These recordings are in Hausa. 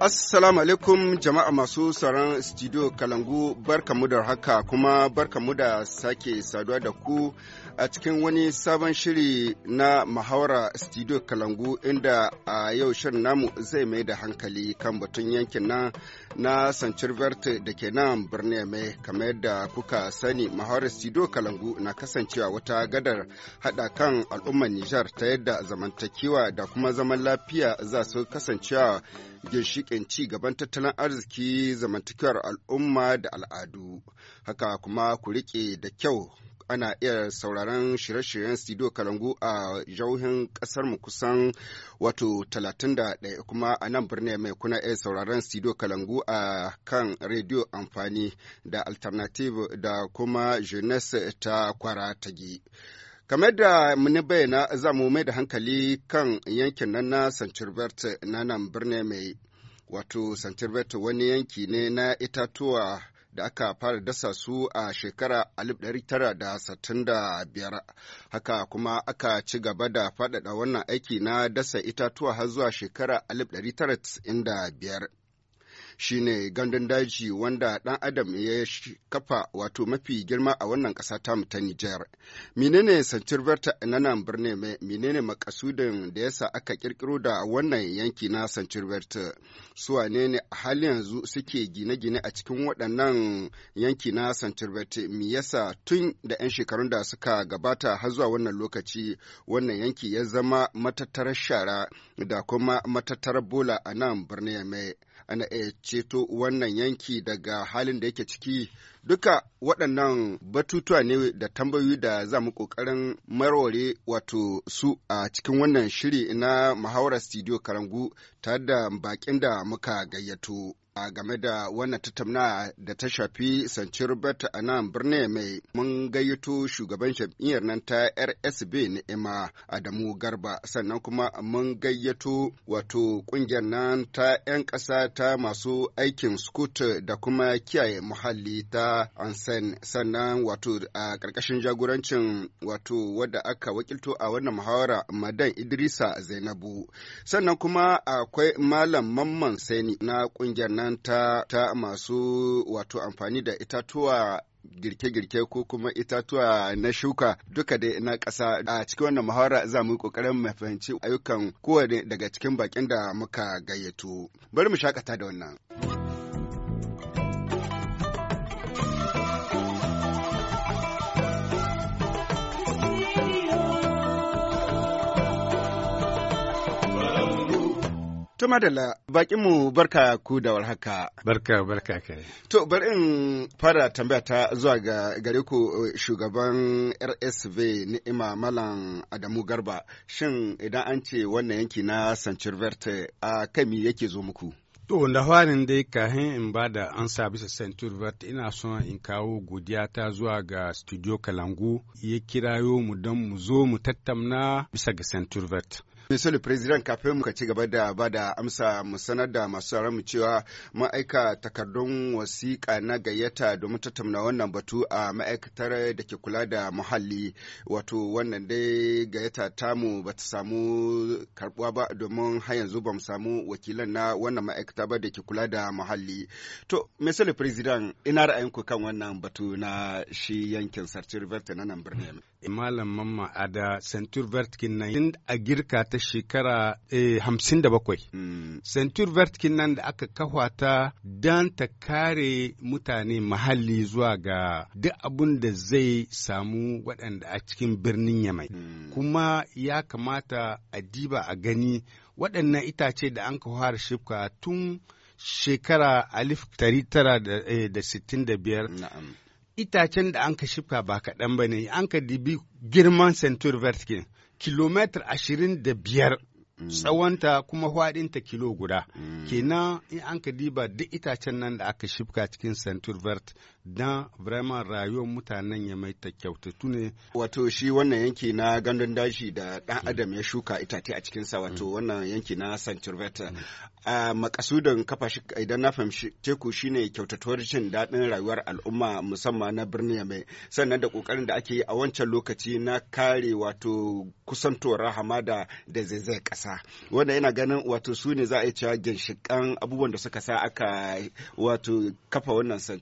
Assalamu alaikum jama'a masu sauran studio Kalangu barkamu da haka kuma barkamu da sake saduwa da ku a cikin wani sabon shiri na mahawara studio Kalangu inda a yau shirin namu zai mai da hankali kan batun yankin nan na Sancir Verte da ke nan birni mai kamar yadda kuka sani muhawarar studio Kalangu na kasancewa wata gadar hada kan al'ummar Nijar ta yadda zamantakewa da kuma zaman lafiya za su kasancewa ginshiƙin ci gaban tattalin arziki zamantakewar al'umma da al'adu haka kuma ku riƙe da kyau ana iya sauraron shirye-shiryen studio kalangu a jauhin mu kusan wato 31 kuma a nan birni mai kuna iya sauraron studio kalangu a kan rediyo amfani da alternative da kuma jeunesse ta kwara gi. Kamar da muni bayyana za mu mai da hankali kan yankin nan na Sanchirbert na nan birnin mai wato Sanchirbert wani yanki ne na itatuwa da aka fara dasa su a shekara 1965 haka kuma aka ci gaba da faɗaɗa wannan aiki na dasa itatuwa har zuwa shekara 1995. shine gandun daji wanda ɗan adam ya kafa wato mafi girma a wannan kasa ta ta Nijar. Menene Santir Berta na nan birni mai menene makasudin da yasa aka kirkiro da wannan yanki na Santir Berta? Suwa ne a halin yanzu suke gine-gine a cikin waɗannan yanki na Santir Berta? Me yasa tun da 'yan shekarun da suka gabata har zuwa wannan lokaci wannan yanki ya zama matattarar shara da kuma matattarar bola a nan birni mai ana iya ceto wannan yanki daga halin da yake ciki duka waɗannan batutuwa ne da tambayoyi da za mu ƙoƙarin marware wato su a cikin wannan shiri na muhawarar studio karangu tare da baƙin da muka gayyato. a game da wannan tattauna da ta shafi sanci Robert a nan birnin mai mun gayyato shugaban jam'iyyar nan ta RSB Ni'ima Adamu Garba sannan kuma mun gayyato wato kungiyar nan ta 'yan ƙasa ta masu aikin scoot da kuma kiyaye muhalli ta Ansen sannan wato a ƙarƙashin jagorancin wato wadda aka wakilto a wannan muhawara Madan Idrisa Zainabu sannan kuma akwai Malam Mamman Sani na kungiyar nan masana'anta ta masu wato amfani da itatuwa girke-girke ko kuma itatuwa na shuka duka dai na ƙasa a cikin wannan muhawara za mu yi ƙoƙarin mafahimci fahimci ayyukan kowane daga cikin bakin da muka gayyato bari mu shakata da wannan. To madalla bakin mu barka ku da warhaka. Barka barka kai. To bari in fara tambaya ta zuwa ga gare ku eh, shugaban RSV Ni'ima Malam Adamu Garba. Shin idan an ce wannan yanki na Sancirverte a kami yake zo muku? To, da farin dai kahin in ba da ansa bisa Centur ina son in kawo godiya ta zuwa ga Studio Kalangu ya kirayo mu don mu zo mu tattauna bisa ga Centur Misali President kafin muka ci gaba da ba da amsa mu sanar da masu mu cewa ma'aika takardun wasiƙa na gayyata domin tattauna wannan batu a ma'aikatar da ke kula da muhalli wato wannan dai gayyata tamu ba ta samu karbuwa ba domin har yanzu ba mu samu wakilan na wannan ma'aikata ba da ke kula da muhalli. To Misali President ina ra'ayinku kan wannan batu na shi yankin Sarci River na nan birnin. E, malam mamma a da centur vert nan tun a girka ta shekara e, hamsin da bakwai hmm. centur vert nan da aka kafa ta don ta kare mutane mahalli zuwa ga duk abun da zai samu waɗanda a cikin birnin yamai hmm. kuma ya kamata a diba a gani waɗannan itace da an fara shifka tun shekara alif tara e, da sittin da biyar itacen da an ka shifka ba kaɗan ba ne an ka dibi girman centur vertical kilometer ashirin da biyar mm. tsawonta kuma hwaɗinta kilo guda mm. kenan in an ka diba duk itacen nan da aka shifka cikin centur vert don vraiment rayuwar mutanen ya mai ta kyautatu ne. Wato shi wannan yanki na gandun daji da ɗan mm. adam ya shuka itace a cikinsa wato mm. wannan yanki na San mm. A makasudin kafa shi idan na fahimci teku shi ne kyautatuwar jin daɗin rayuwar al'umma musamman na birni mai sannan da ƙoƙarin da ake yi a wancan lokaci na kare wato kusantowar hamada da zai kasa Wanda yana ganin wato su ne za a yi cewa ginshiƙan abubuwan da suka sa aka wato kafa wannan San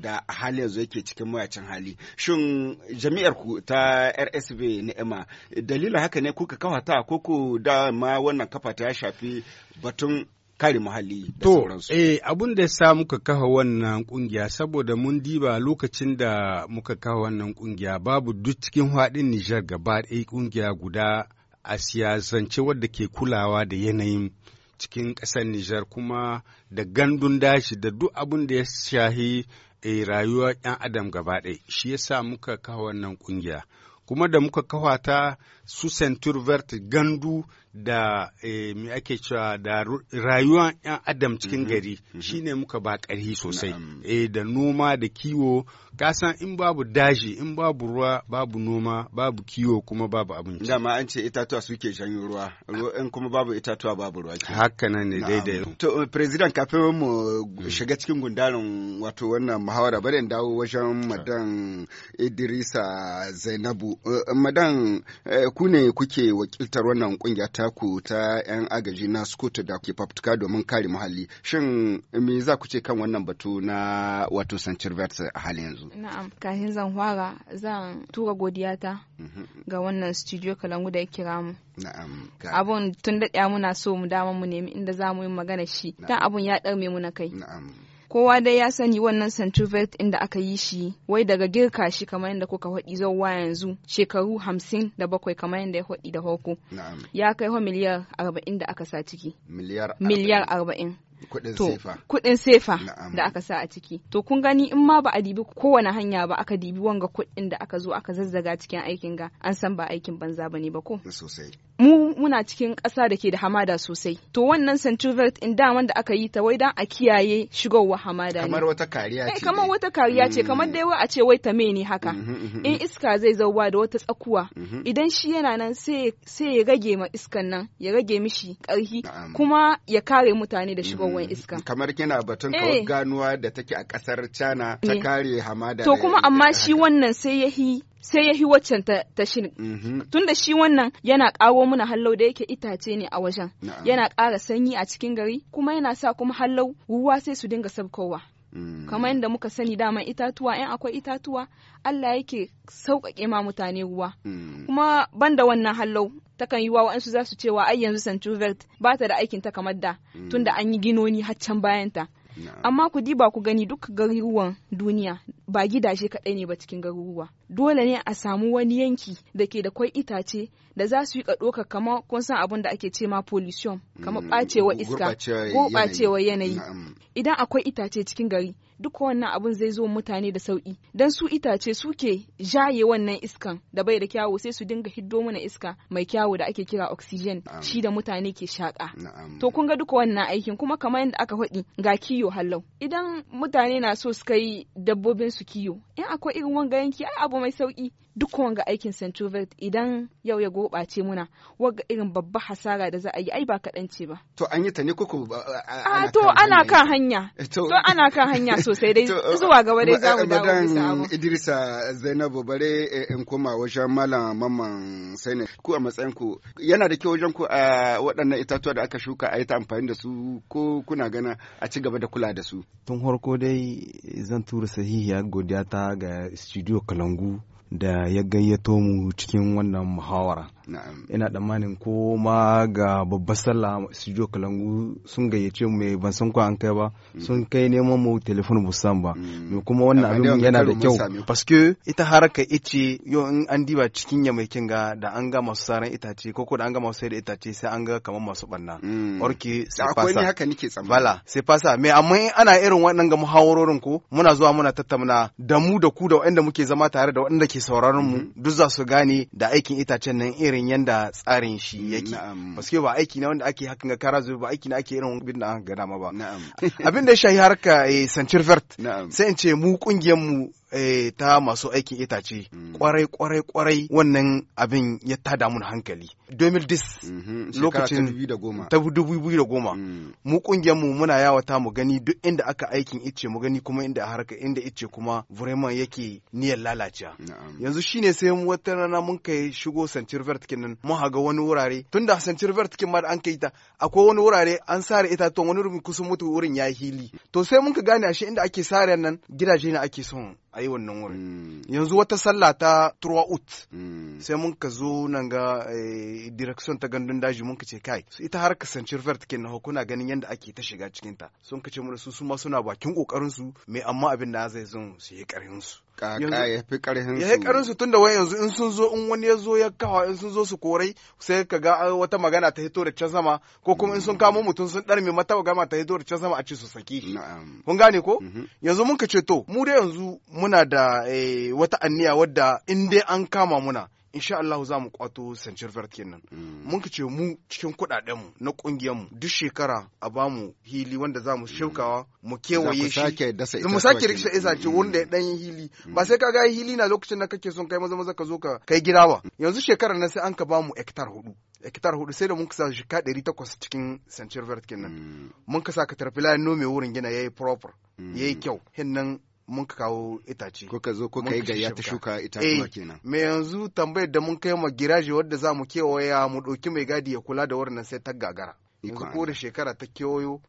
da hali yanzu yake cikin mayacin hali shin jami'ar ku ta rsv ni'ima dalilin haka ne kuka kafa ta ko ku da ma wannan kafa ta ya shafi batun kare muhalli da sauransu. Eh, abun da ya sa muka kafa wannan kungiya saboda mun diba lokacin da muka kafa wannan kungiya babu duk cikin haɗin Nijar gaba ɗaya kungiya guda a siyasance wadda ke kulawa da yanayin cikin ƙasar Nijar kuma da gandun dashi da duk abin da ya shahi e, rayuwar 'yan adam gaba ɗaya shi yasa muka kawo wannan ƙungiya kuma da muka kawo ta su centur verte gandu da eh, me ake cewa da rayuwar 'yan adam cikin mhm, gari mhm. shi ne muka ba ƙarhi sosai eh, da noma da kiwo kasan in babu daji in babu ruwa babu noma babu kiwo kuma babu abinci dama an ce itatuwa suke janyo ruwa in kuma babu itatuwa babu ruwa haka nan ne daidai to eh, president kafin mu shiga cikin gundarin wato wannan muhawara bari in dawo wajen madan Idrisa Zainabu eh, madan ku ne kuke wakiltar wannan kungiya ku ta 'yan agaji na scooter da ke fafutuka domin kare muhalli. Shin me za ku ce kan wannan batu na wato Sancir a halin yanzu? Na'am, kafin zan fara zan tura godiya ta mhm. ga wannan studio Kalangu da ya kira mu. Na'am. Abun tun daɗa muna so mu dama mu nemi inda za mu yi magana shi. Dan abun ya ɗarme mu na kai. Na'am. kowa dai ya sani wannan ɗin da aka yi shi wai daga girka shi kamar yadda kuka haɗi zuwa yanzu shekaru hamsin da bakwai kamar yadda ya faɗi da farko ya kai wa miliyar arba'in da aka sa ciki miliyar arba'in kuɗin sefa da aka sa a ciki to kun gani in ma ba a dibi kowane hanya ba aka dibi wanga kuɗin da aka zo aka zazzaga cikin aikin ga an san ba aikin banza ba ne ba ko mu muna cikin ƙasa da ke da hamada sosai to wannan centrivert in daman da aka yi ta wai dan a kiyaye shigowa hamada ne kamar wata kariya eh, ce kamar wata kariya ce mm. kamar dai wai a ce wai ta ne haka mm-hmm, mm-hmm. in iska zai zauwa da wata tsakuwa mm-hmm. idan shi yana nan sai ya rage ma iskan nan ya rage mishi ƙarfi kuma ya kare mutane da shigowa ruwan mm. iska kamar kina batun eh. kawar ganuwa da take a kasar China ta eh. kare hamada to kuma amma shi wannan sai yahi sai ya hi waccan ta shirin. Mm-hmm. Tun da shi wannan yana ƙaro mana hallau da yake itace ne a wajen. Yana ƙara sanyi a cikin gari kuma yana sa kuma hallau ruwa sai su dinga sabkowa. Mm. Kamar yadda muka sani daman itatuwa in akwai itatuwa Allah yake sauƙaƙe ma mutane ruwa. Mm. Kuma banda wannan hallau takan yi wa wa'ansu za su ce wa ai yanzu centrovert ba ta da aikin ta kamar da mm. tunda an yi ginoni haccan bayan ta amma ku diba ku gani duk garuruwan duniya ba gidaje kaɗai ne ba cikin garuruwa dole ne a samu wani yanki da ke da kwai itace da za su yi ɗoka kama kun san abin da ake ce ma pollution kama mm, ɓacewa iska gurɓacewa yanayi idan akwai itace cikin gari duk wannan abin zai zo mutane da sauƙi dan su itace suke jaye wannan iskan da bai da kyawu sai su dinga hiddo mana iska mai kyawu da ake kira oxygen shi da mutane ke shaƙa to kun ga duka wannan aikin kuma kamar yadda aka faɗi ga kiyo hallau idan mutane na so su kai dabbobin su kiyo in akwai irin wanga yanki ai abu mai sauki duk wanga aikin centrovert idan yau ya gobace muna wanga irin babba hasara da za a yi ai ba kaɗan ce ba. To an yi ta ne ba. a ah, to ana kan hanya eh, to ana kan hanya sosai dai zuwa gaba dai za mu dawo bisa Idrisa Zainabu bare eh, in koma wajen malam mamman Sani ku a matsayin ku yana da kyau wajen ku a waɗannan itatuwa da aka shuka a yi ta amfani da su ko kuna gana a ci gaba da kula da su. Tun farko dai zan tura sahihiyar godiya ta ga studio Kalangu da ya gayyato mu cikin wannan muhawara. Ina tsammanin ko ma ga babbar sallah studio Kalangu sun gayyace mu mai ban san ko an kai ba mm. sun kai neman mu telefon bu san ba. Mm. Me kuma wannan abin yana da kyau paske ita haraka ice yo in an diba cikin ya mai kinga da an ga masu saran itace ko da an ga masu sai da itace sai an ga kamar masu banna. Mm. Orki sai fasa. Akwai ne haka nake tsammani. Bala sai fasa me amma ana irin wannan ga muhawarorin ko muna zuwa muna tattauna da mu da ku da waɗanda muke zama tare da waɗanda ke ke sauraron mu mhm. duk za su gane da aikin itacen nan irin yanda tsarin shi yake paske ba aiki na wanda ake hakan ga kara zubi ba aiki na ake irin bin da aka ga dama ba abin da ya shahi harka sancir eh, vert sai in ce mu kungiyar mu Eh, ta masu aikin itace mm. kwarai kwarai kwarai wannan abin ya tada mun hankali 2010 mhm, lokacin ta 2010 mm. mu kungiyar mu muna yawata mu gani duk inda aka aikin ice mu gani kuma inda harka inda ice kuma vraiment yake niyan lalacewa yanzu shine sai mu wata rana mun kai shigo sancir vertikin nan mun haga wani wurare tunda sancir vertikin ma an kai ta akwai wani wurare an sare ita itatuwan wani rumi kusan mutu wurin ya hili to sai mun ka gane ashe inda ake sare nan gidaje ne ake son a yi wannan wurin mm. yanzu wata sallah ta throughout mm. sai mun ka zo nan ga eh, direction ta gandun daji mun ka ce kai ita har sanci rufar take na kuna ganin yadda ake ta shiga cikin ta sun ka ce mu su su ma suna bakin kokarin su me amma abin da zai zo su yi su kaka ya fi karhin su ya karhin su tunda wai yanzu in sun zo in wani ya zo ya kawa in sun zo su korai sai ka ga ah, wata magana ta hito da can sama ko kuma in sun kamo mutum sun darme mata magana ta hito da can sama a ci su saki kun gane ko mhm. yanzu mun ka ce to mu dai yanzu muna da eh, wata anniya wadda in dai an kama muna insha Allah za mu kwato Central Vert kenan mm. mun ce mu cikin kudaden mu na kungiyar mu duk shekara a ba mu hili wanda za mu mm. shaukawa mu kewaye shi mu sake rikisha isa ce wanda ya dan hili mm. ba sai ka ga hili na lokacin da kake son kai maza maza ka zo ka kai gida ba yanzu shekarar nan sai an ka ba mu hektar hudu hektar hudu sai da mun kasa shika ɗari takwas cikin Central Vert kenan mun kasa ka tarfi layin nome wurin gina yayi proper yayi kyau hin nan. mun ka kawo itace kuka zo kuka yi gayya ta shuka itatuwa eh, kenan me yanzu tambayar da mun kai ma giraji wadda za mu kewaya mu ɗauki mai gadi ya kula da wannan sai ta gagara yanzu ko da shekara ta kewayo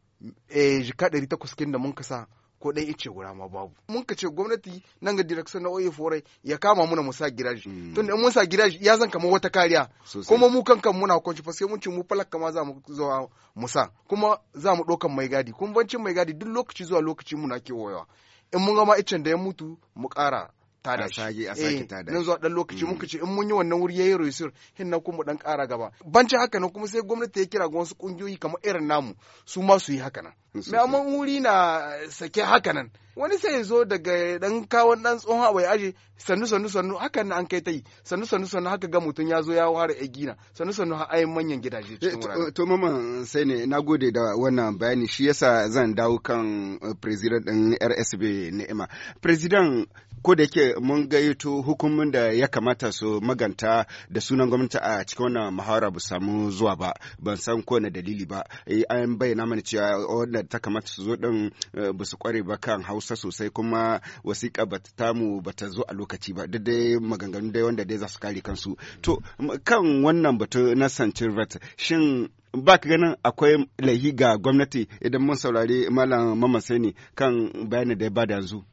eh jika ɗari takwas kuskin da mun kasa ko ɗan ice gura ma babu mun ka ce gwamnati nan ga direction na oye forai ya kama muna mu sa giraji mm. tun da mun sa giraji ya zan kamar wata kariya kuma mu kankan muna kwanci fa sai mun ce mu falaka ma za mu zuwa mu sa kuma za mu ɗaukan mai gadi kun bancin mai gadi duk lokaci zuwa lokaci muna waya. in mun gama icen da ya mutu mu ƙara tada shi a eh, sake tada nan zuwa dan lokaci muka mm. ce in mun yi wannan wuri yayi resur hin na kuma dan ƙara gaba ci haka nan kuma sai gwamnati ya kira ga wasu kungiyoyi kamar irin namu su ma su yi haka nan me amma wuri na sake haka nan wani sai ya zo daga dan kawon dan tsohon abai aje sannu sannu sannu hakan nan an kai ta yi sannu sannu sannu haka ga mutum ya zo ya ware a gina sannu sannu har ayin manyan gidaje cikin eh, to mama sai ne gode da wannan bayani shi yasa zan dawo kan eh, president din RSB Ni'ima president ko da yake mun gayyato hukumin da ya kamata su maganta da sunan gwamnati a cikin wannan muhawara ba samu zuwa ba ban san ko na dalili ba eh, an bayyana mana cewa wanda ta kamata su zo din eh, ba su kware ba kan Hausa sosai kuma wasiƙa ba ta tamu ba ta zo a lokaci ba duk dai maganganu dai wanda dai za su kare kansu to kan wannan batu na sancin shin ba ka ganin akwai laihi ga gwamnati idan mun saurari malam mama sani kan bayanin da ya bada yanzu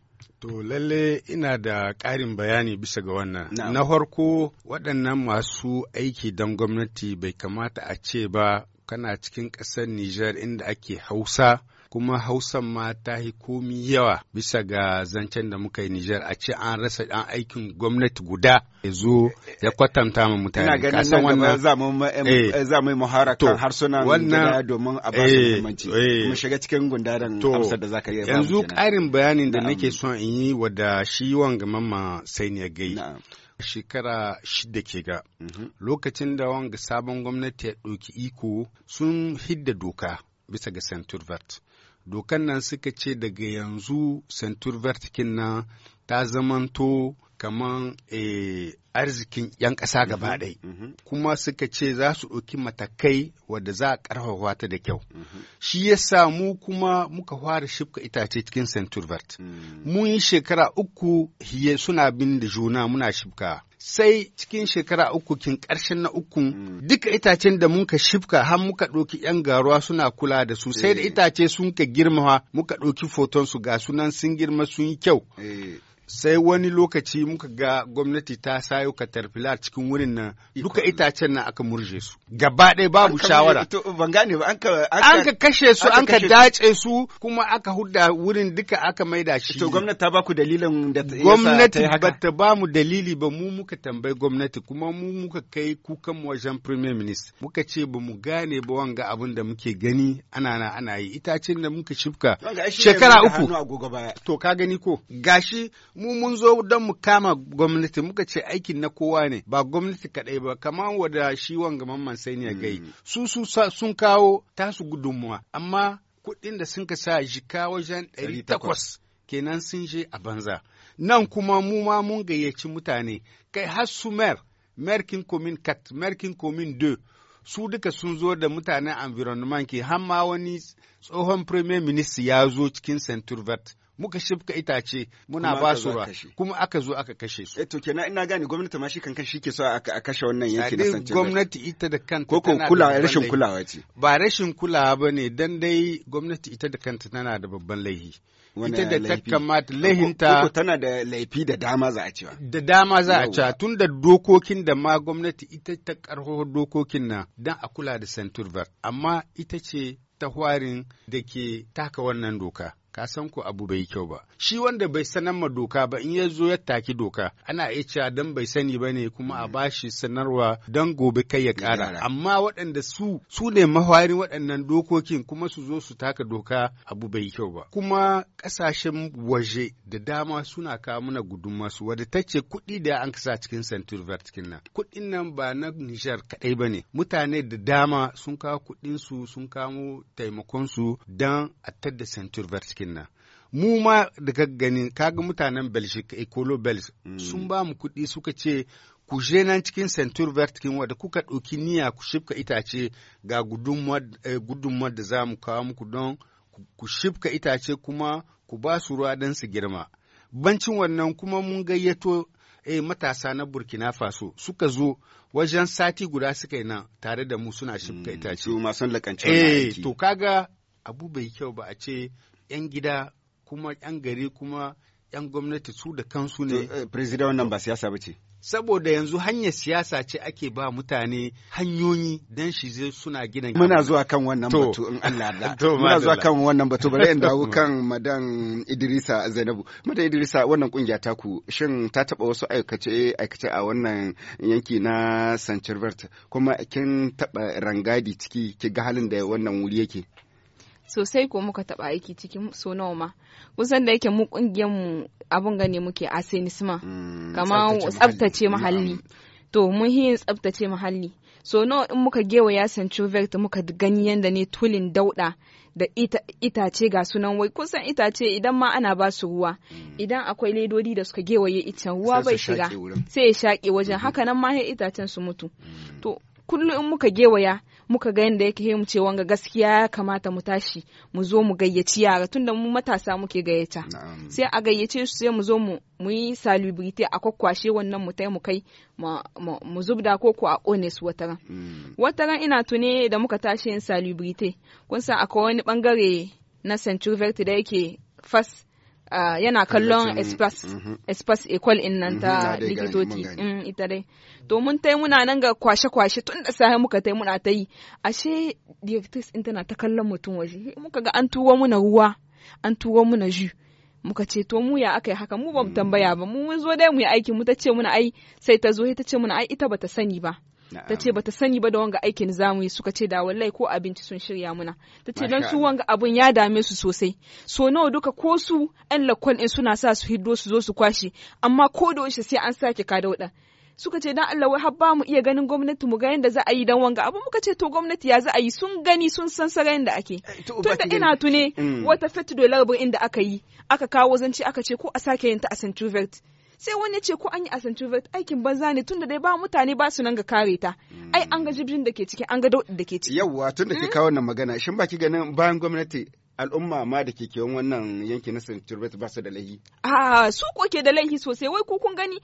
To lalle ina da ƙarin bayani bisa ga wannan. Na farko waɗannan masu aiki don gwamnati bai kamata a ce ba kana cikin ƙasar Nijar inda ake Hausa kuma hausan ma ta yi komi yawa bisa ga zancen da muka yi Nijar a ce an rasa ɗan aikin gwamnati guda ya zo ya kwatanta ma mutane. Ina ganin nan gaba eh. Eh, za mu yi muhara kan harsunan gida domin a ba su eh, muhimmanci. shiga cikin gundarin amsar da za ka iya Yanzu ƙarin bayanin da nake son in yi wada shi wanga mamma sai ne gai. shekara shida ke ga mhm. lokacin da wanga sabon gwamnati ya ɗauki iko sun hidda doka bisa ga Centurvert. dokan nan suka ce daga yanzu centur vertikin nan ta zamanto kaman e, arzikin 'yan ƙasa gaba mm-hmm. ɗai mm-hmm. kuma suka ce za su ɗauki matakai wadda za a ƙarfafa ta da kyau mm -hmm. shi ya samu kuma muka fara shifka itace cikin centurvert mm. mun yi shekara uku suna bin da juna muna shifka sai cikin shekara uku kin ƙarshen na uku mm. duka itacen da muka shifka har muka ɗauki yan garuwa suna kula da su sai da eh. itace sun ka girma muka ɗauki foton su ga sunan sun girma sun yi kyau eh. sai wani lokaci muka ga gwamnati ta sayo caterpillar cikin wurin nan duka itacen nan aka murje su gaba ɗaya babu shawara ban gane ba an ka kashe su an ka dace su kuma aka hudda wurin duka aka maida shi to gwamnati ta baku dalilin da gwamnati ba ta ba mu dalili ba mu muka tambayi gwamnati kuma mu muka kai kukan mu wajen premier minister muka ce ba mu gane ba wanga abin da muke gani ana na ana yi itacen da muka shifka shekara uku to ka gani ko gashi mu mun zo don mu kama gwamnati muka ce aikin na kowa ne ba gwamnati kaɗai ba kamar wada shi wanga mamman sai ne gai mm. su su sun kawo tasu gudunmuwa amma kuɗin da sun ka sa jika wajen ɗari takwas kenan sun je a banza nan kuma mu ma mun gayyaci mutane kai har su mer merkin komin kat merkin komin de su duka sun zo da mutanen environment ke hamma wani tsohon premier minister ya zo cikin centurvert muka shifka itace muna ba su ruwa kuma aka zo aka kashe su. Eh to kenan ina gane gwamnati ma shi kan kan shi ke so a kashe wannan yanki na Sadin gwamnati ita da kanta Koko kula rashin kulawa ce. ba rashin kulawa ba ne dan dai gwamnati ita da kanta tana da babban laifi ita da ta kamata laihinta koko tana da laifi da dama za a cewa da dama za a cewa tun da dokokin da ma gwamnati ita ta karho dokokin nan dan a kula da Centurver amma ita ce ta hwarin da ke taka wannan doka ka san ko abu bai kyau ba shi wanda bai sanar ma doka ba in ya zo ya taki doka ana iya cewa dan bai sani ba ne kuma a mm. bashi sanarwa dan gobe kai ya kara amma waɗanda su su ne mahawarin waɗannan dokokin kuma su zo su taka doka abu bai kyau ba kuma ƙasashen waje da dama suna kawo mana gudunma su wadda ta ce kuɗi da an kasa cikin centur vertical nan kuɗin nan ba na nijar kaɗai ba ne mutane da dama sun kawo kuɗinsu sun kamo taimakonsu don a tadda centur vertical aikin nan mu ma daga ganin kaga mutanen belgic ecolo belge mm. sun ba mu kuɗi suka ce ku je nan cikin centur vertikin wadda kuka ɗauki niyya ku shifka itace ga gudunmuwar eh, da za mu kawo muku don ku shifka itace kuma ku ba su ruwa don su girma bancin wannan kuma mun gayyato eh, matasa na burkina faso suka zo wajen sati guda suka yi nan tare da mu suna shifka mm, itace eh, to kaga abu bai kyau ba a ce 'yan gida kuma 'yan gari kuma 'yan gwamnati su da kansu ne. Uh, President wannan ba siyasa ba ce. Saboda yanzu hanyar siyasa ce ake ba mutane hanyoyi don shi zai suna gina. Muna zuwa kan wannan batu in Allah da. Muna zuwa kan wannan batu bari in dawo kan madan Idrisa Zainabu. Madan Idrisa wannan kungiya ta ku shin ta taba wasu aikace aikace a wannan yanki na Sancirvert kuma kin taba rangadi ciki ki ga halin da wannan wuri yake. sosai ko muka taba aiki cikin so nawa ma kusan da yake mu kungiyar mu abun gane muke asenisma mm, kama tsabtace muhalli to mun yin tsabtace muhalli so nawa in muka gewa gewaya ta muka gani yanda ne tulin dauda da itace ga sunan wai kusan itace idan ma ana ba su ruwa mm. idan akwai ledodi da suka gewaye icen ruwa bai shiga sai ya shaƙe wajen mm-hmm. haka nan ma itacen su mutu mm. to kullum in muka gewaya muka ga yadda yake mu ce wanga gaskiya ya kamata mu tashi mu zo mu gayyaci yara tunda mu matasa muke gayyata sai a gayyace su sai mu zo mu yi salubrite a kwakwashe wannan mu mu kai mu zubda ko ko a kone su wataran mm. wataran ina tune da muka tashi yin salubrite kun san akwai wani bangare na Central da yake fas Ah, yana kallon espas mm equal in nan mhm. ta likitoci mm, ita dai to mun tai muna nan ga kwashe-kwashe tun da safe muka tai muna ta yi ashe directrice in tana ta kallon mutum waje muka ga an tuwo muna ruwa an tuwo muna ju muka ce to mu ya aka yi haka mu ba mu mm. tambaya ba mu zo dai mu yi aiki mu ta ce muna ai sai ta zo ta ce muna ai ita bata sani ba ta ce bata sani ba da wanga aikin zamu yi suka ce da wallahi ko abinci sun shirya muna ta ce dan su wanga abun ya dame su sosai so nawa duka ko su yan lakwal ɗin suna sa su hiddo su zo su kwashe amma ko da yaushe sai an sake ka wuɗa suka ce dan Allah wai har ba mu iya ganin gwamnati mu ga yanda za a yi dan wanga abu muka ce to gwamnati ya za a yi sun gani sun san sarayin da ake eh, tunda ina tune mm. wata fet dolar inda aka yi aka kawo zance aka ce ko a sake yin ta a Centrevert sai wani ce ko an yi asantuvet aikin banza ne tunda dai ba mutane ba su nan ga kare ta ai an ga jibrin da ke ciki an ga daudin da ke ciki yawwa tun da ke hmm? kawo wannan magana shin baki ganin bayan gwamnati al'umma ma da ke kewan wannan yanki na santuvet ba su da laihi a su ko ke da laihi sosai wai ko kun gani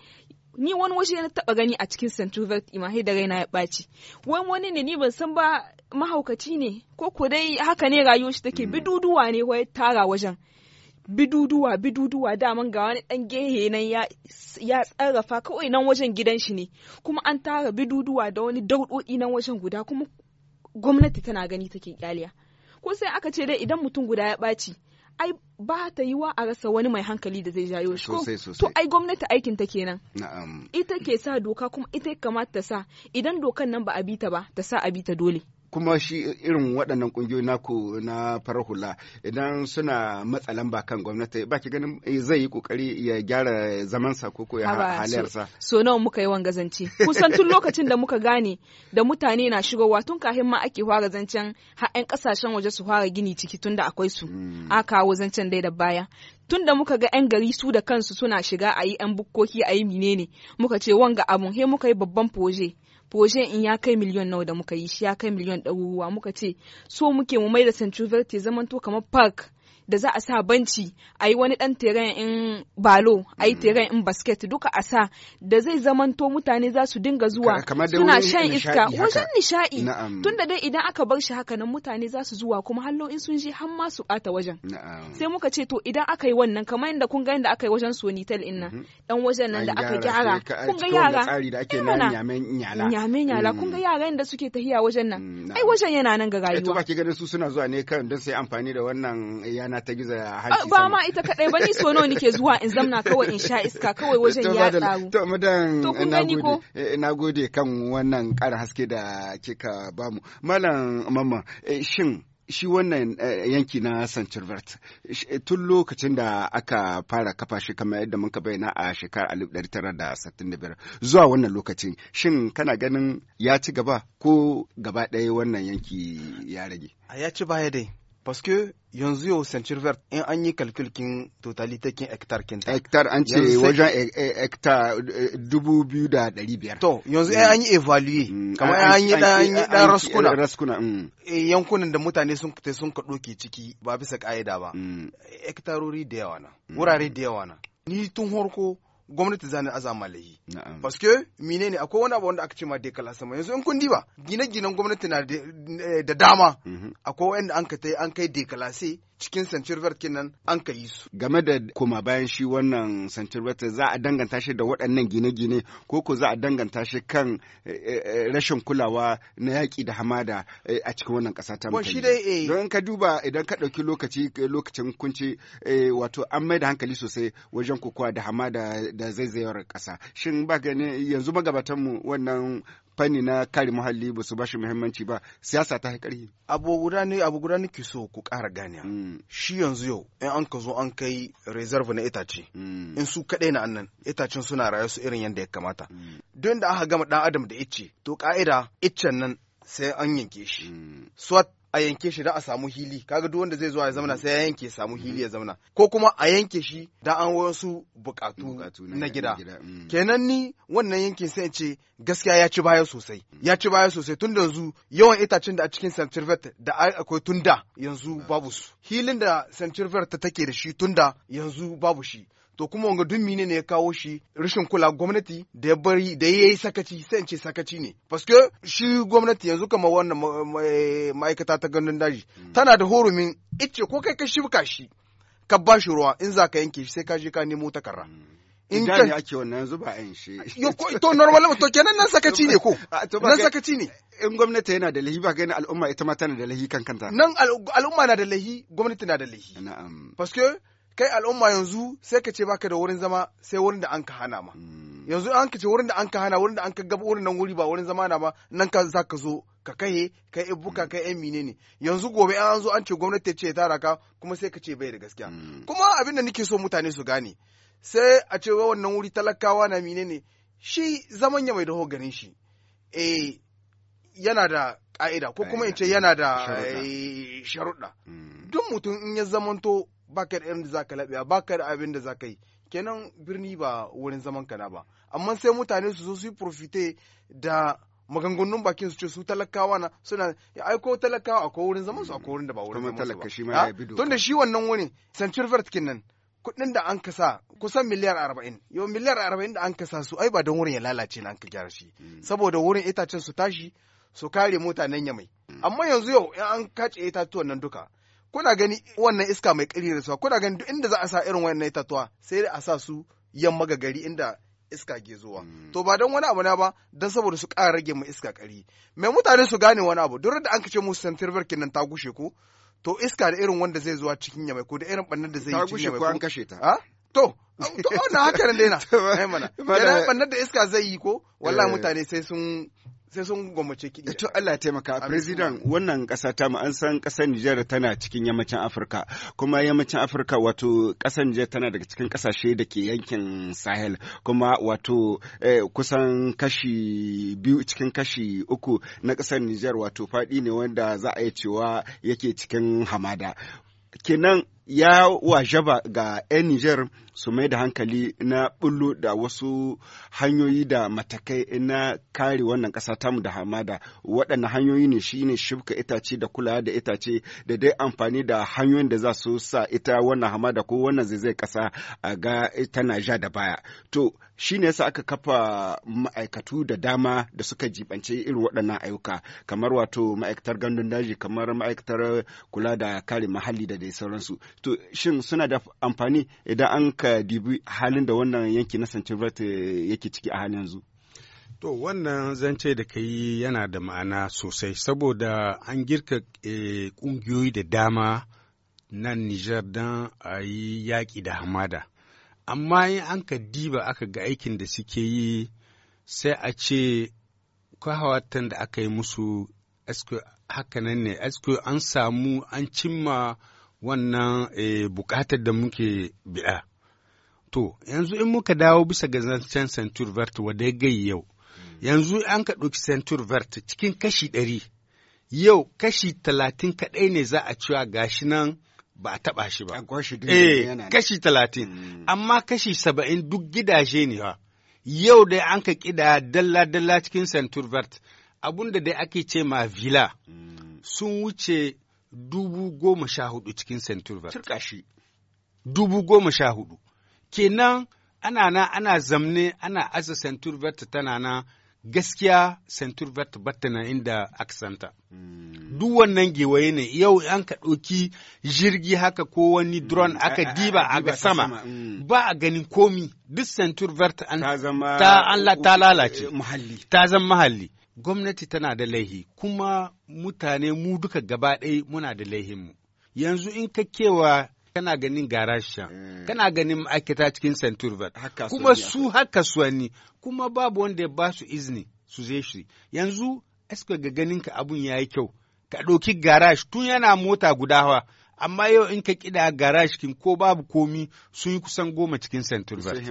ni wani waje na taba gani a cikin santuvet imahai da raina ya ɓaci wani wani ne ni ban san ba mahaukaci ne ko ko dai haka ne rayuwar shi take hmm. biduduwa ne wai tara wajen biduduwa biduduwa daman ga wani dan gehe nan ya ya tsarafa kawai nan wajen gidan shi ne kuma an tara biduduwa da wani daudodi nan wajen guda kuma gwamnati tana gani take kyaliya ko sai aka ce dai idan mutum guda ya ɓaci ai ba ta yiwa a rasa wani mai hankali da zai jayo shi to ai gwamnati aikin ta kenan ita ke sa doka kuma ita kamata ta sa idan dokan nan ba a bi ta ba ta sa a bi ta dole kuma shi irin waɗannan ƙungiyoyi naku na farar hula idan suna matsa lamba kan gwamnati ba ki ganin eh, zai yi ƙoƙari ya gyara zamansa ko ko ya haliyarsa. So nawa muka yi wangazance kusan tun lokacin da muka gane da mutane na shigowa tun kafin ma ake fara zancen har 'yan ƙasashen waje su fara gini ciki tun da akwai su. Hmm. A kawo zancen dai da baya. tun da muka ga 'yan gari su da kansu suna shiga a yi 'yan bukkoki a yi menene muka ce wanga abun he muka yi babban foje projet in ya kai miliyon nawa da muka yi shi ya kai miliyon ɗaruruwa muka ce so muke mu mai da centroverti zamanto kamar park da za a sa banci a yi wani ɗan tere in balo a yi mm. tere in basket duka a sa da zai zamanto mutane za su dinga zuwa suna shan iska wajen nishaɗi da dai idan aka bar shi haka nan mutane za su zuwa kuma hallo in sun je har ma su bata wajen sai muka ce to idan aka yi wannan kamar yadda kun ga yadda aka yi wajen sonitel in nan dan mm-hmm. wajen nan da aka gyara kun ga yara eh, nyame nyala kun ga mm. yara yadda suke tahiya wajen nan mm, ai wajen yana nan ga eh, rayuwa to ba ki ganin su suna zuwa ne kan dan sai amfani da wannan ana ta giza ah, haƙi ba ma ita kadai ba ni so nawa nike zuwa in zamna kawai in sha iska kawai wajen ya dawo to madan na eh, gode kan wannan ƙara haske da kika bamu malam mamma eh, shin shi wannan eh, yanki na Sanchurvert tun lokacin da aka fara kafa shi kamar yadda muka bayyana a shekarar 1965 zuwa wannan lokacin shin kana ganin ya ci gaba ko gaba ɗaya wannan yanki ya rage? A ya ci baya dai parce que yanzu yau centur vert in an yi kalkulkin totalite kin hectare kinta hectare an ce wajen eh, eh, hectare eh, dubu biyu da ɗari biyar to yanzu in an yi evaluate mm, mm, kamar an yi dan raskuna raskuna mm. yankunan da mutane sun ta sun ka ɗoke ciki ba bisa ƙa'ida ba hectare da yawa na wurare da yawa na ni tun horko gwamnati zane azama lahi paske mine ne akwai wani abu wanda aka ce ma sama yanzu in kun diba gine-ginen gwamnati na eh, da dama mhm. akwai wanda an ka tai an kai declassé cikin centurvet kenan an ka yi su. Game da koma bayan shi wannan centurvet za a danganta shi da waɗannan gine-gine ko ko za a danganta shi kan eh, eh, rashin kulawa na yaƙi da hamada eh, a cikin wannan ƙasa ta mutane. Don ka duba idan ka ɗauki lokaci lokacin kunci wato an mai da hankali sosai wajen kokowa da hamada da zaizayar ƙasa. Shin ba gani yanzu magabatanmu wannan fanni na kare muhalli ba su bashi muhimmanci ba siyasa ta haƙari. abu guda ne abu guda so ku ƙara gane mm. shi yanzu yau in an ka zo an kai reserve na itace mm. in su kaɗai na annan itacen suna rayu su irin yadda ya kamata mm. don da aka gama dan adam da icce to ka'ida iccen nan sai an yanke shi swat a yanke shi da a samu hili kaga duk wanda zai zo ya zamana sai ya yanke samu hili ya zamana ko kuma a yanke shi da an wasu bukatu na gida mm. kenan ni wannan yankin sai ce gaskiya ya ci baya sosai ya ci baya sosai tun da yanzu yawan itacen da a cikin saint da akwai tun da yanzu babu su hilin da saint ta take da shi tun da yanzu babu shi to kuma wanga duk mine ne ya kawo shi rashin kula gwamnati da ya bari da ya yi sakaci sai in ce sakaci ne paske shi gwamnati yanzu kama wannan eh, ma'aikata ta gandun daji hmm. tana da horumin ice ko kai ka shibka shi ka ba shi ruwa in za ka yanke shi sai ka je ka nemo takarra hmm. in ka ne ake wannan yanzu ba yin shi to normal to kenan nan sakaci ne ko nan sakaci ne in gwamnati yana da lahi ba ga al'umma ita ma tana da lahi kan kanta nan al'umma na da lahi gwamnati na da lahi na'am paske kai al'umma yanzu sai ka ce baka da wurin zama sai wurin da an ka hana ma mm. yanzu an ka ce wurin da an ka hana wurin da an ka gaba wurin nan wuri ba wurin zama na ba nan ka za ka zo ka kai kai ibuka kai yan mine ne yanzu gobe an zo an ce gwamnati ta ce ta raka kuma sai ka ce bai da gaskiya mm. kuma abin da nake so mutane su gane sai a ce wannan wuri talakawa na mine ne shi zaman ya mai daho ganin shi eh yana da ka'ida ko kuma in ce yana da sharuɗa eh, mm. duk mutum in ya zamanto baka da irin da zaka laɓe baka da abin da zaka yi kenan birni ba wurin zaman kana ba amma sai mutane su zo su yi profite da maganganun bakin su ce su talakawa na suna ya aiko talakawa akwai wurin zaman su akwai wurin da ba wurin zaman su ba ah, don da shi wannan wani central vert nan kuɗin da an kasa kusan miliyar arba'in yau miliyar arba'in da an kasa su ai ba don wurin ya lalace na an ka gyara shi hmm. saboda wurin itacen su tashi su kare mutanen yamai hmm. amma yanzu yau in an kace itatuwan nan duka kuna gani wannan iska mai ƙiri da suwa kuna gani duk inda za a sa irin wannan itatuwa sai a sa su yamma ga gari inda iska ke zuwa hmm. to ba don wani abu na ba don saboda su ƙara rage mu iska ƙari mai mutane su gane wani abu duk da an kace musu centrifugal nan ta gushe ko to iska da irin wanda zai zuwa cikin yamai ko da irin bannan da zai yi cikin yamai ko an kashe ta ah? to to wannan haka ne dai na mana yana bannan da iska zai yi ko wallahi eh. mutane sai sun sai sun gwammace kiɗi. Eh, to Allah taimaka, President wannan ƙasa ta mu an san ƙasar Nijar tana cikin yammacin Afirka, kuma yammacin Afirka wato ƙasar Nijar tana daga cikin ƙasashe da ke yankin Sahel, kuma wato eh, kusan kashi biyu cikin kashi uku na ƙasar Nijar wato faɗi ne wanda za a yi cewa yake cikin hamada. Kenan ya wajaba ga 'yan Nijar su mai da hankali na bullo da wasu hanyoyi da matakai na kare wannan ƙasa tamu da hamada waɗanne hanyoyi ne shi ne shifka itace da kulawa da itace da dai amfani da hanyoyin da za su sa ita wannan hamada ko wannan zai ƙasa a ga ita ja da baya to shi ne yasa aka kafa ma'aikatu da dama da suka jibanci irin waɗannan ayyuka kamar wato ma'aikatar gandun daji kamar ma'aikatar kula da kare muhalli da dai sauransu to shin suna da amfani idan an ka dibi halin da wannan yanki na Sanchibrat eh, yake ciki a halin yanzu. To wannan zance da ka yi yana da ma'ana sosai saboda an girka eh, ƙungiyoyi da dama na Nijar don a yi yaƙi da hamada. Amma in an ka diba aka ga aikin da suke yi sai a ce kwahawatan da aka yi musu haka nan ne, an samu an cimma wannan e, eh, bukatar da muke biɗa. To, yanzu in muka dawo bisa ga zancen Centur Vert wadda ya gai yau, hmm. yanzu an ka ɗauki Centur Vert cikin kashi ɗari, yau kashi talatin kaɗai ne za a cewa gashi nan ba a taɓa shi ba. Eh, kashi talatin, hmm. amma kashi saba'in duk gidaje ne ba. Yau dai an ka ƙida dalla-dalla cikin Centur Vert, abun da dai ake ce ma vila hmm. sun wuce dubu goma sha hudu cikin Centurva. Turka shi dubu goma sha hudu. Kenan ana na ana zamne ana aza Centurva tana na gaskiya Centurvat batta na inda aka hmm. Duk wannan gewaye ne yau an ka ɗauki jirgi haka ko wani hmm. drone aka diba a ga sama hmm. ba a ganin komi duk Centurvat an ta, ta, ta lalace. Ta zama mahalli. gwamnati tana da laihi kuma mutane mu duka gaba ɗaya muna da laihinmu yanzu in ka kewa kana ganin garashan eh. kana ganin ma'aikata cikin st kuma su haka suwanni kuma babu wanda ya ba su izini su zai shi yanzu aske ga ganin ka abun ya yi kyau ka ɗauki garash tun yana mota guda hawa amma yau in ka kida garash kin ko babu komi sun yi kusan goma cikin st eh,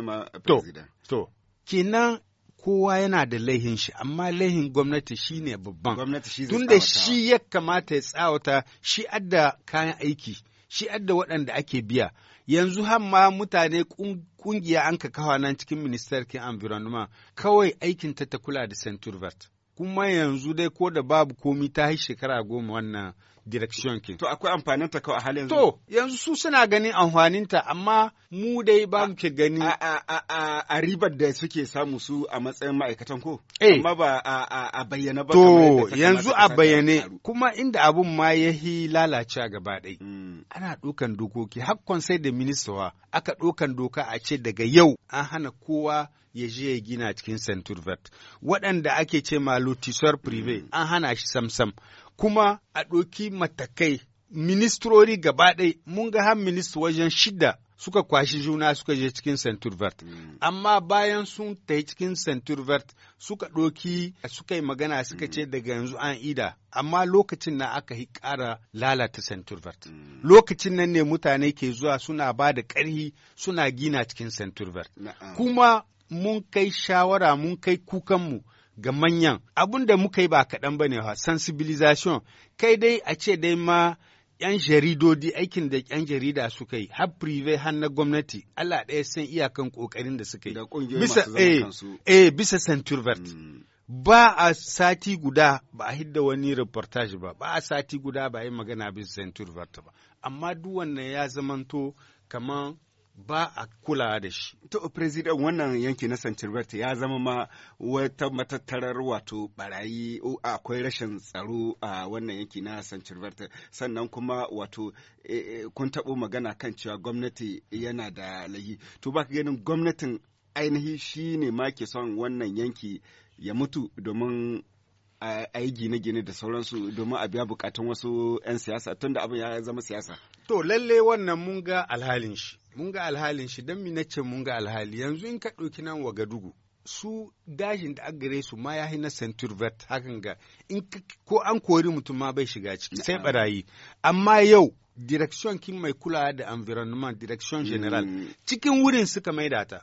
to to kenan kowa yana da laihin shi amma laihin gwamnati shi ne babban tunda shi ya kamata ya tsawata shi adda kayan aiki shi adda waɗanda ake biya yanzu hamma mutane kungiya an ka kawa nan cikin ministerkin environment kawai aikin ta ta kula da centurvert kuma yanzu dai ko da babu komi ta yi shekara goma wannan direction ke. To akwai amfanin ta kawai a halin To yanzu su suna ganin amfanin ta amma mu dai ba muke gani. A, ribar da suke samu su a matsayin ma'aikatan ko? Eh. Amma ba a, bayyana ba. To yanzu a bayyane kuma inda abun ma ya yi lalacewa gaba ɗai. Hmm. Ana ɗaukan dokoki hakkon sai da ministawa aka ɗaukan doka a ce daga yau an hana kowa ya je ya gina cikin Centurvet. Waɗanda ake ce ma lotisseur privé hmm. an hana shi samsam. kuma a ɗoki matakai ministrori gaba ɗai mun ga har minista wajen shida suka kwashi juna suka je cikin Centur mm. Amma bayan sun ta cikin Centur suka ɗoki suka yi magana suka ce mm. daga yanzu an ida. Amma lokacin na aka yi ƙara lalata Centur mm. Lokacin nan ne mutane ke zuwa suna ba da ƙarhi suna gina cikin Centur Kuma mun kai shawara mun kai kukanmu ga manyan abun da muka yi ba kaɗan ba ne ha sensibilization kai dai a ce dai ma yan jaridodi aikin da yan jarida suka yi har prive har na gwamnati Allah ɗaya san iyakan ƙoƙarin da suka yi bisa eh, eh, bisa centurvert hmm. ba a sati guda ba a hidda wani reportage ba ba a sati guda ba a yi magana bisa centurvert ba amma duk ya zamanto kaman ba a kula da shi. To, Firizidan wannan yanki na Santirbert ya zama ma wata matattarar wato barayi akwai rashin tsaro a wannan yanki na Santirbert sannan kuma wato e, e, kun taɓo magana kan cewa gwamnati yana da lahi. To, ba ka ganin gwamnatin ainihi shi ne ma ke son wannan yanki ya mutu domin a yi gine-gine da sauransu domin a biya bukatun wasu 'yan siyasa tun da abin ya zama siyasa. To lalle wannan mun ga alhalin shi, mun ga alhalin shi don mi nace mun ga alhali yanzu in ka ɗauki nan wa gadugu su gashin da gare su ma ya na Vert hakan ga in ko an kori mutum ma bai shiga ciki sai barayi amma yau direction kin mai kula da environment direction general mm. cikin wurin suka maida ta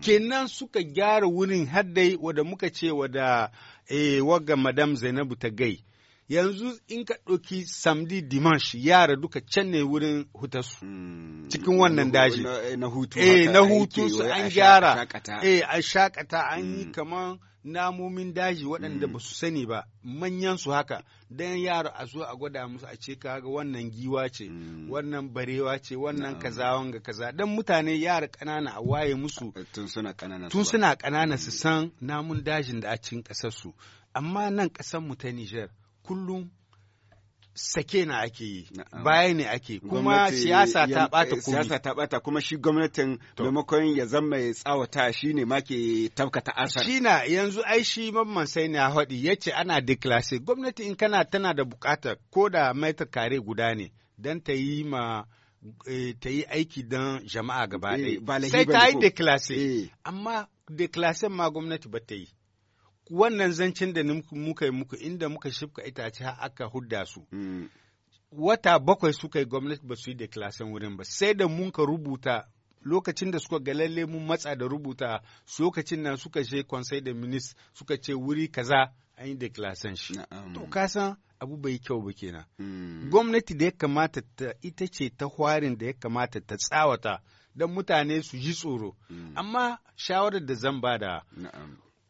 kenan suka gyara wurin haddai wada muka ce wada eh, waga madam zainabu ta gai yanzu in ka ɗauki samdi dimanche yara duka can ne wurin hutarsu hmm. cikin wannan daji eh, na hutu eh na hutu su an gyara eh a shakata an yi hmm. kaman namomin daji waɗanda hmm. ba su sani ba manyan su haka dan yaro a zo a gwada musu a ce kaga wannan giwa ce wannan barewa ce wannan kaza wanga kaza dan mutane yara ƙanana a waye musu tun suna ƙanana tun suna ƙanana su san namun dajin da a cikin ƙasarsu su amma nan ƙasar mu ta Niger kullum sake na ake yi baya ne ake kuma siyasa ta bata kuma eh, siyasa ta bata kuma shi gwamnatin maimakon ya zama ya tsawata shi ne ma ke tabkata asar shi na yanzu ai shi mamman sai a haɗi ya ce ana declasse gwamnati in kana tana da bukata ko da ta kare guda ne don ta yi ma eh, ta yi aiki don jama'a gaba eh, ɗaya sai ta yi declasse amma declasse ma gwamnati ba ta yi wannan zancen da muka yi muku inda muka shifka itace har aka hudda su. Hmm. Wata bakwai suka yi gwamnati ba su yi deklasan wurin ba, sai da mun ka rubuta lokacin da suka ga lalle mun matsa da rubuta su lokacin nan suka je konsai da minis suka ce wuri kaza an yi deklasan shi. To kasan abu bai kyau ba kenan. Hmm. Gwamnati da ya kamata ta ita ce ta hwarin da ya kamata ta tsawata don mutane su ji tsoro. Hmm. Amma shawarar da zan bada.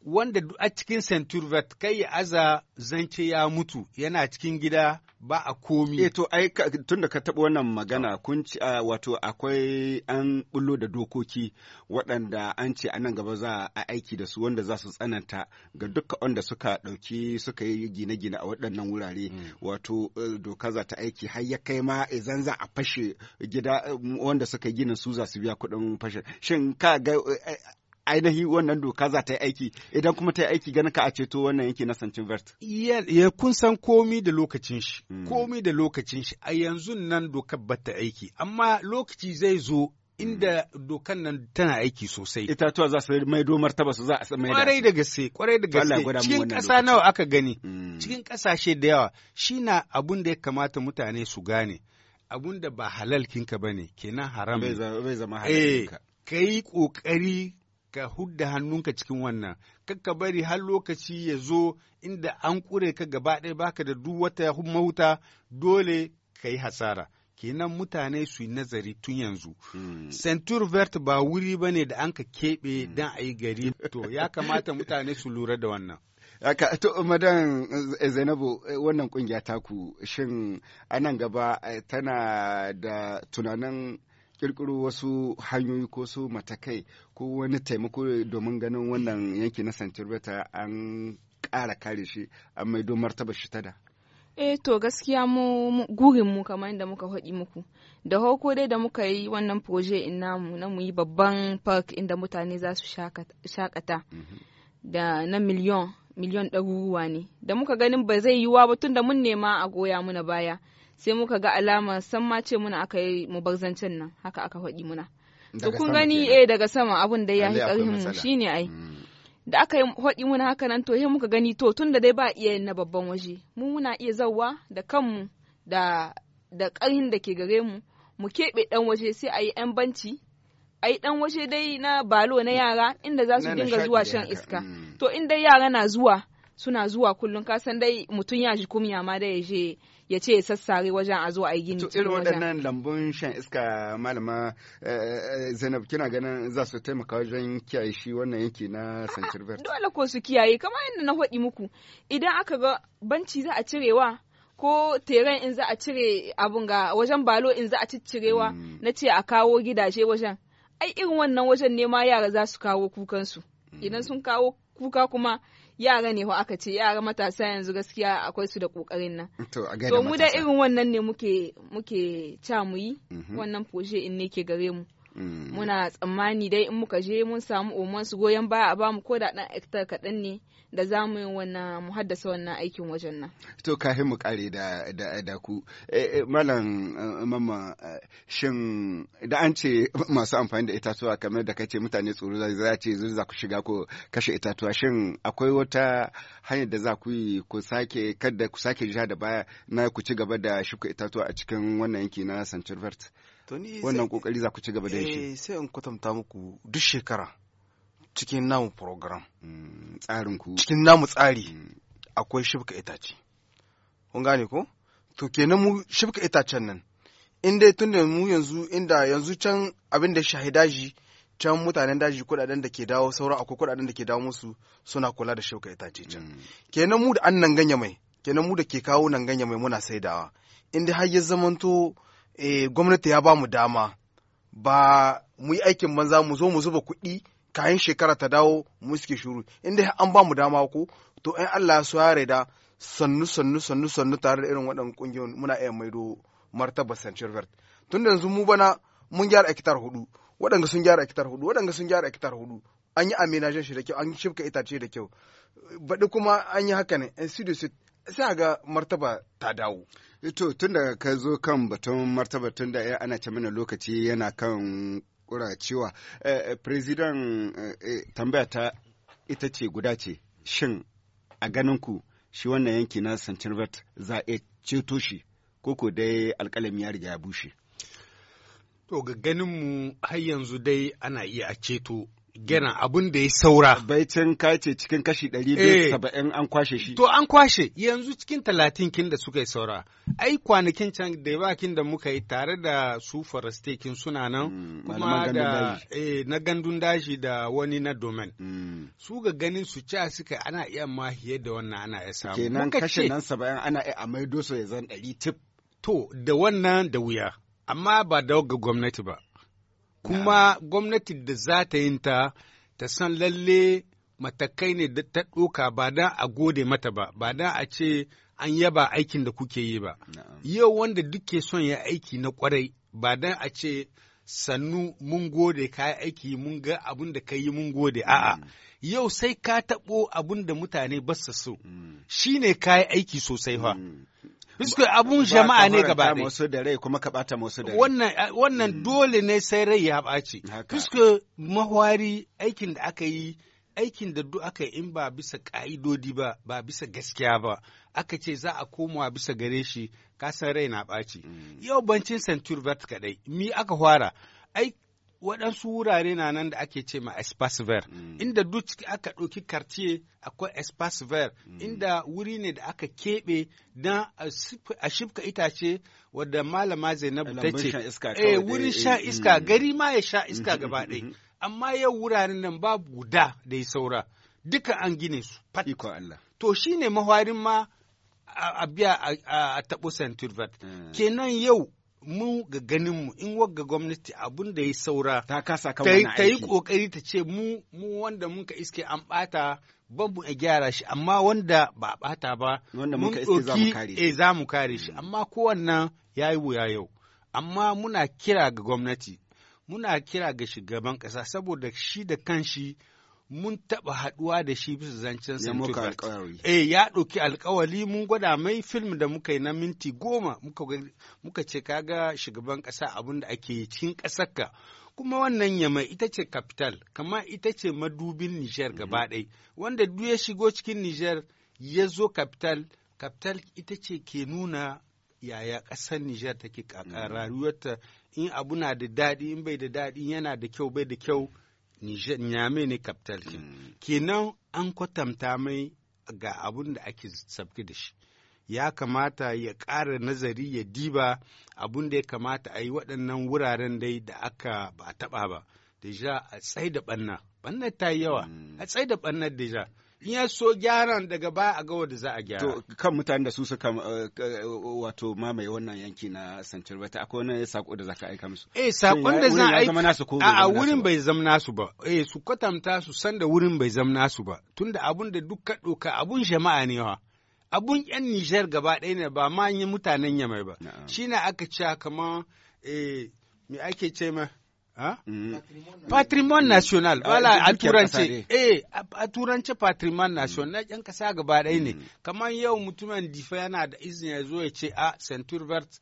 wanda a cikin centurvet kai ya aza zance ya mutu yana cikin gida ba a komi. E to ai tun da ka taɓa wannan magana ah. kun ci ah, wato akwai an bullo da dokoki waɗanda an ce a nan gaba za a aiki da su wanda za su tsananta ga dukkan wanda suka ɗauki suka yi gine-gine a waɗannan wurare hmm. wato eh, doka za ta aiki har ya kai ma idan za a fashe gida wanda suka yi su za su biya kuɗin fashe. Shin ka ga eh, ainihin wannan doka za ta yi aiki idan kuma ta yi aiki ganin ka a ceto wannan yanki na sancin vert. Ya kun san komi da lokacin shi, hmm. komi da lokacin shi a yanzu nan dokar ba ta aiki, amma lokaci zai zo inda hmm. dokan nan tana aiki sosai. Itatuwa za su maido martaba su za a maida. Kwarai da gaske, kwarai da gaske. Cikin ƙasa nawa aka gani, hmm. cikin ƙasashe da yawa, shi na abun da ya kamata mutane su gane. Abun da ba halal kinka ba ne, kenan haram. Bai zama eh, halalkinka. ka yi ƙoƙari ka hudda hannunka cikin wannan kakka bari har lokaci ya zo inda an ƙure ka gaba ɗaya baka da duk wata mahuta dole ka yi hasara kenan mutane su yi nazari tun yanzu. Hmm. Centur Vert ba wuri ba ne da an ka keɓe hmm. don a yi gari, to ya kamata mutane su lura da wannan. to, madan eh, Zainabu, eh, wannan kungiya taku, shin anan gaba eh, tana da tunanin kirkiro wasu hanyoyi ko su matakai ko wani taimako domin ganin wannan yanki na santirbeta an kara kare shi an maido martaba shi ta da eh to gaskiya mu gurin mu kamar yadda muka haɗi muku da hoko dai da muka yi wannan proje in namu na mu yi babban park inda mutane za su shakata mm-hmm. da na miliyon miliyon ɗaruruwa ne da muka ganin ba zai yiwuwa ba tun da mun nema a goya muna baya sai muka ga alama san ma ce muna aka yi mu bar zancen nan haka aka faɗi muna da kun gani eh daga sama abun da ya yi ƙarfin mu shine ai mm. da aka yi faɗi muna haka nan to muka gani to tunda dai ba iya na babban waje mu muna iya zawa da kanmu da da ƙarhin da ke gare mu mu keɓe ɗan waje sai a yi ‘yan banci a yi ɗan waje dai na balo na yara inda za su dinga zuwa shan iska mm. to inda yara na zuwa suna zuwa kullum kasan dai mutum ya ji kumya ma da ya je ya ce ya sassare wajen a zo a yi gini irin waɗannan lambun shan iska malama eh, eh, zainab kina ganin za su taimaka wajen kiyaye shi wannan yanki na sancirver dole ko su kiyaye kama yadda na haɗi muku idan aka ga banci za a cirewa ko teren in za a cire abun ga wajen balo in za a ciccirewa mm. na ce a kawo gidaje wajen ai irin wannan wajen ne ma yara za su kawo kukansu mm. idan sun kawo kuka kuma yara ne ho aka ce yara matasa yanzu gaskiya akwai su da kokarin nan to mu da irin wannan ne muke muke ca muyi mhm. wannan proje in ne ke gare mu Mm. muna tsammani dai in muka je mun samu umar su goyon baya a bamu ko da dan hektar kaɗan ne da za mu yi wannan mu haddasa wannan aikin wajen nan. To kafin mu kare da da da ku eh, eh, malam eh, mamma shin da an ce masu amfani da itatuwa kamar da kace mutane tsoro za ce za ku shiga ko kashe itatuwa shin akwai wata hanyar da za ku yi ku sake kada ku sake jiha da baya na ku ci gaba da shuka itatuwa a cikin wannan yanki na Central wannan kokari za ku ci gaba da shi eh, sai in kwatanta muku duk shekara cikin namu program mm, tsarin ku cikin namu tsari mm. akwai shibka itace kun gane ko to kenan mu shibka itacen nan in dai tun da mu yanzu inda yanzu can abin da shahidaji can mutanen daji kudaden da ke dawo sauran akwai kudaden da ke dawo musu suna kula da shauka itace can mm. kenan mu da an nan ganye mai kenan mu da ke kawo nan ganye mai muna saidawa in dai har ya zamanto eh, gwamnati ya ba mu dama ba mu yi aikin banza mu zo mu zuba kuɗi kayan shekara ta dawo mu suke shuru inda an ba mu dama ko to in Allah su ya da sannu sannu sannu sannu tare da irin waɗannan ƙungiyoyin muna iya maido martaba Saint-Gervais tun da yanzu mu bana mun gyara ekitar hudu waɗanda sun gyara ekitar hudu waɗanda sun gyara ekitar hudu an yi amenajen shi da kyau an yi shifka itace da kyau baɗi kuma an yi haka ne sai ga martaba ta dawo Eh, to tun da ka zo kan batun martaba tun da eh, ana ce mana lokaci yana kan kuracewa. Firizidan eh, tambayata tambaya ta ita ce guda ce, shin a ganin ku shi wannan yanki na Santinvet za a ceto shi koko dai alkalami ya riga ya bushe? To ga ganinmu har yanzu dai ana iya a ceto gena abun da ya saura. Baicin kace cikin kashi ɗari eh. saba'in an kwashe shi. To an kwashe yanzu cikin talatin kin da suka yi saura. Ai kwanakin can da kin da muka yi tare da su kin suna nan mm, kuma da eh, na gandun daji da wani na domen. Mm. Su ga ganin su ci suka ana iya mahiyar da wannan ana iya samu. Kenan kashe nan saba'in ana iya a maido su ya zan ɗari tif. To da wannan da wuya amma ba da gwamnati ba. kuma gwamnati da za ta yin ta ta san lalle matakai ne da ta ɗoka ba don a gode mata ba ba don a ce an yaba aikin da kuke yi ba yau wanda duke son ya aiki na kwarai ba don a ce sannu mun gode ka yi aiki mun ga abin da ka yi mun gode a'a mm. yau sai ka taɓo abin da mutane ba su so mm. shi ne ka yi aiki sosai fa mm. Fisko abun jama'a ne gaba ɗaya. Wasu da rai kuma ka ɓata masu da rai. Wannan mm. dole ne sai rai ya ɓaci. Fisko mahwari aikin da aka yi aikin da duk aka yi in ba bisa ƙa'idodi ba ba bisa gaskiya ba aka ce za a komawa bisa gare shi kasan rai na ɓaci. Mm. Yau bancin Centur kaɗai mi aka fara. ai waɗansu wurare na nan da ake ce ma espace mm. inda duk aka ɗauki kartiye akwai espace mm. inda wuri ne da aka keɓe don a shifka itace wadda malama zainabu ta ce eh, wurin eh, sha eh, iska mm. gari ma ya sha mm-hmm, iska gaba ɗaya mm-hmm, mm-hmm. amma yau wuraren nan babu guda da ya saura duka an gine su pat Allah to shine mahwarin ma a biya a taɓo centurvat kenan yau mu ga ganin mu in wagga gwamnati abun da ya saura ta kasa kan wani aiki ta yi kokari ta ce mu mu wanda mun ka iske an bata mu a gyara shi amma wanda ba a bata ba mun iske eh, za mu kare shi za mu kare shi amma kowannan yayi wuya yau amma muna kira ga gwamnati muna kira ga shugaban kasa saboda shi da kanshi mun taɓa haɗuwa da shi bisa zancen Centrifat. Eh ya ɗauki alkawali mun gwada mai film da muka yi na minti goma muka ce kaga shugaban ƙasa abin da ake yi cikin ƙasarka. Kuma wannan yamai ita ce capital, kama ita ce madubin Nijar mhm. gaba ɗaya, wanda duk ya shigo cikin Nijar ya zo capital, capital ita ce ke nuna yaya ƙasar Nijar take mhm. rayuwarta in abu na da daɗi in bai da daɗi yana da kyau bai da kyau nyame ne capital hmm. Kenan an kwatanta mai ga abun da ake sabki da shi. Ya kamata ya ƙara nazari ya diba abun da ya kamata a yi waɗannan wuraren dai da aka ba taɓa ba. Deja a da ɓanna. Ɓannar ta yi yawa, hmm. a da ɓannar deja. in ya so gyaran daga baya a ga wanda za a gyara to kan mutanen da su suka uh, wato mamaye wannan yanki na Central Bata akwai wani sako da zaka aika musu eh sakon da a aika a wurin bai zama nasu ba eh su kwatanta su san da wurin bai zama nasu ba tunda abun da duk ka doka abun jama'a ne wa abun yan Niger gaba ɗaya ne ba ma mutanen Yamai ba ne aka ce kamar eh me ake ce ma Mm-hmm. patrimoine national wala ah, a turance eh a turance patrimoine national mm-hmm. yan kasa gaba ɗaya ne mm-hmm. kamar yau mutumin difa yana da izini ya zo ya ce a ah, centur vert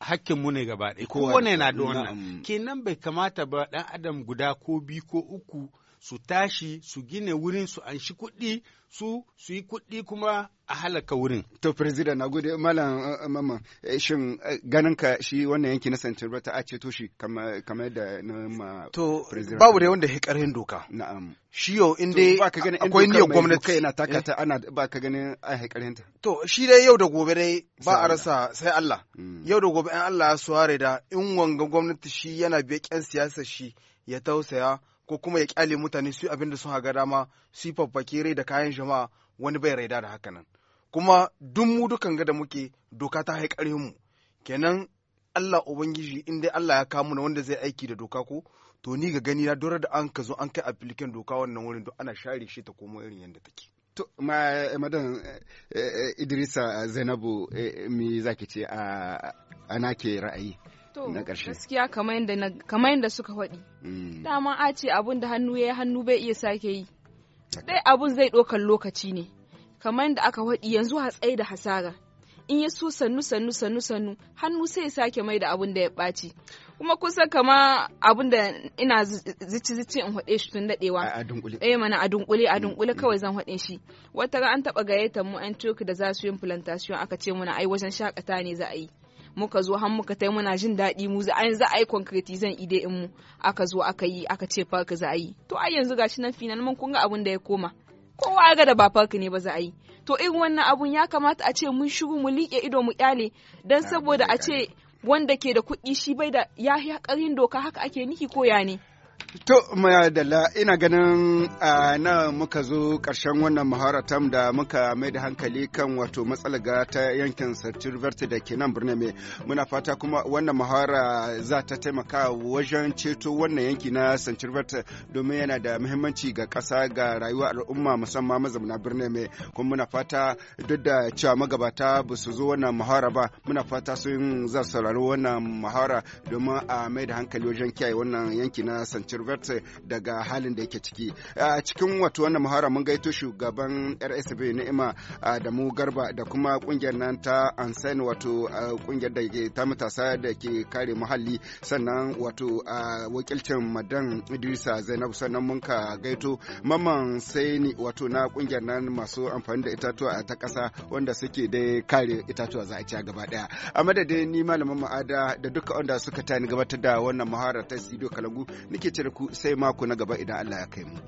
hakkin mu ne gaba ɗaya kowane na da wannan kenan bai kamata ba ɗan adam guda ko biyu ko uku su tashi su gine wurin su an shi kuɗi su su yi kuɗi kuma a halaka wurin. To president na gode malam eh, eh, mama eh, shin ganin ka shi wannan yanki na Central Bata a ceto shi kamar yadda na ma To babu dai wanda ya karhin doka. Na'am. Shi yau in dai akwai niyo gwamnati kai na takata ana ba ka ganin a haikarin ta. To shi dai yau da gobe dai ba a rasa sai Allah. Hmm. Yau da gobe in Allah ya suware da in wanga gwamnati shi yana biya siyasa shi ya tausaya ko kuma ya kyale mutane su abin da sun haga dama su faffake rai da kayan jama'a wani bai raida da haka nan kuma duk mu dukan ga da muke doka ta haikare mu kenan Allah ubangiji in dai Allah ya kawo na wanda zai aiki da doka ko to ni ga gani na dora da an ka zo an kai application doka wannan wurin to ana share shi ta komo irin yanda take to ma eh, madan eh, eh, Idrisa Zainabu me zaki ce a ana ke ra'ayi to na ƙarshe gaskiya kamar yadda kamar yadda suka faɗi mm. dama a ce abun da hannu ya hannu bai iya sake yi dai abun zai ɗaukar lokaci ne kamar yadda aka faɗi yanzu hatsai da hasara in ya so sannu sannu sannu sannu hannu sai ya sake mai da abun da ya ɓaci kuma kusa kama abun da ina zici zici in haɗe shi tun daɗewa a dunkule eh mana a dunkule a mm, dunkule mm. kawai zan haɗe shi wata an taɓa gayyatar mu an da za su yin plantation aka ce mana ai wajen shakata ne za a yi muka zo har muka tai muna jin daɗi mu za a zan a yi concretizan ide in mu aka zo aka yi aka ce park za a yi to ai yanzu gashi nan finan mun kun ga abin da ya koma kowa ga da ba park ne ba za a yi to irin wannan abun ya kamata a ce mun shigo mu liƙe ido mu kyale dan saboda a ce wanda ke da kuɗi shi bai da ya ƙarin doka haka ake niki koya ne To, la ina ganin a nan muka zo ƙarshen wannan maharatan da muka mai da hankali kan wato matsalaga ta yankin Sartir Verti da ke nan birnin mai. Muna fata kuma wannan mahara za ta taimaka wajen ceto wannan yanki na Sartir Verti domin yana da muhimmanci ga ƙasa ga rayuwa al'umma musamman mazamuna birnin mai. Kuma muna fata duk da cewa magabata ba su zo wannan mahara ba, muna fata sun za saurari wannan mahara domin a mai da hankali wajen kiyaye wannan yanki na Sartir kirgarta daga halin da yake ciki a cikin wato wannan muhara mun gaito shugaban rsb ni'ima da mu garba da kuma kungiyar nan ta ansan wato kungiyar da ke ta matasa da ke kare muhalli sannan wato wakilcin madan idrisa Zainab sannan mun ka gaito maman saini wato na kungiyar nan masu amfani da itatuwa ta kasa wanda suke dai kare itatuwa za a ci gaba daya a madadin ni malamin ma'ada da duka wanda suka tani gabatar da wannan muhara ta studio kalangu nake cire ku sai mako na gaba idan Allah ya kai mu.